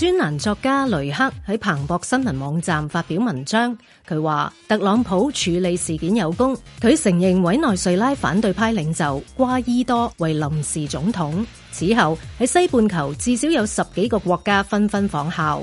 專欄作家雷克喺彭博新聞網站發表文章，佢話特朗普處理事件有功，佢承認委內瑞拉反對派領袖瓜伊多為臨時總統。此後喺西半球至少有十幾個國家紛紛仿效。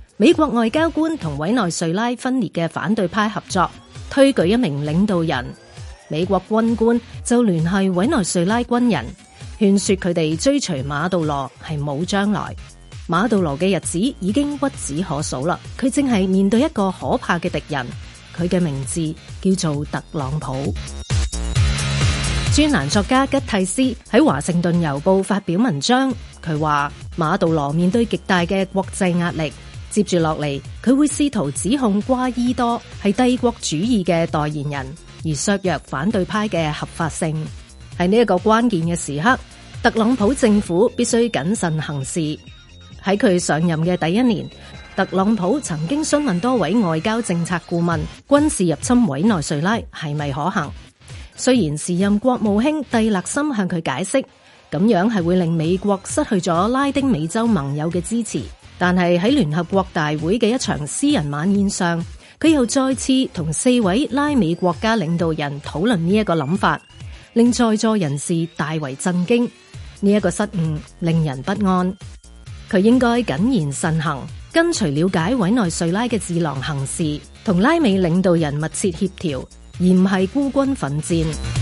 美國外交官同委內瑞拉分裂嘅反對派合作，推舉一名領導人，美國軍官就聯繫委內瑞拉軍人，勸說佢哋追隨馬杜羅係冇將來。馬杜羅嘅日子已經屈指可數啦，佢正係面對一個可怕嘅敵人，佢嘅名字叫做特朗普。專欄作家吉蒂斯喺華盛頓郵報發表文章，佢話馬杜羅面對極大嘅國際壓力。接住落嚟，佢會試圖指控瓜伊多係帝國主義嘅代言人，而削弱反對派嘅合法性。喺呢一個關鍵嘅時刻，特朗普政府必須謹慎行事。喺佢上任嘅第一年，特朗普曾經詢問多位外交政策顧問，軍事入侵委內瑞拉係咪可行？雖然時任國務卿蒂勒森向佢解釋，咁樣係會令美國失去咗拉丁美洲盟友嘅支持。但係喺聯合國大會嘅一場私人晚宴上，佢又再次同四位拉美國家領導人討論呢一個諗法，令在座人士大為震驚。呢一個失誤令人不安，佢應該謹言慎行，跟隨了解委內瑞拉嘅智囊行事，同拉美領導人密切協調，而唔係孤軍奮戰。